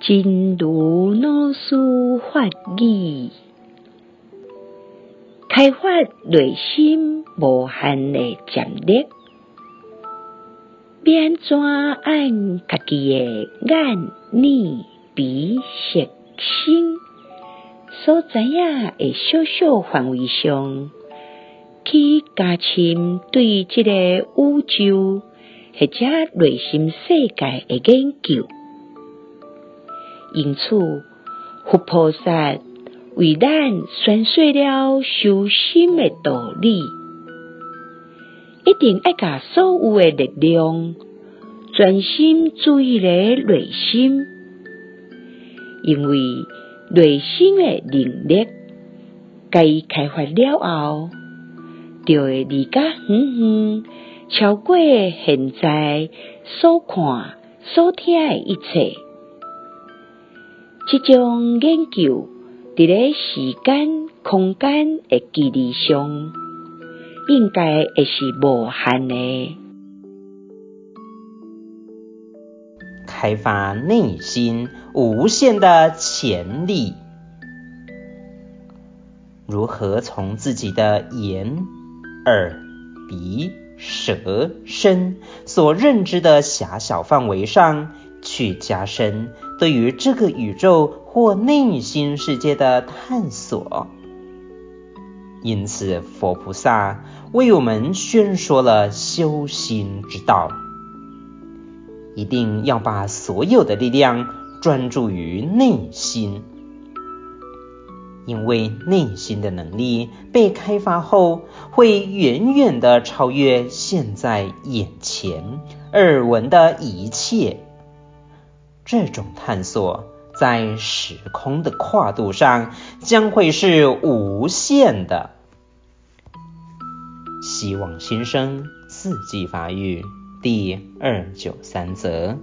真如老師法語，開發內心無限的潛力，要按怎按家己的眼、耳、鼻、舌、身，所知影的小小範圍上去加深對這個宇宙或者內心世界的研究。因此，佛菩薩為咱宣說了修心的道理，一定要把所有的力量，專心注意在內心，因為內心的能力，甲伊開發了後，就會離家遠遠超過現在所看所聽的一切。這種研究在這個時間、空間的距離上，應該也是無限的。開發內心無限的潛力，如何從自己的眼、耳、鼻、舌、身所認知的狹小範圍上去加深，對於這個宇宙或內心世界的探索，因此佛菩薩為我們宣說了修心之道，一定要把所有的力量專注於內心，因為內心的能力被開發後，會遠遠地超越現在眼見耳聞的一切。這種探索在時空的跨度上，將會是無限的。希望新生四季法語第二九三則。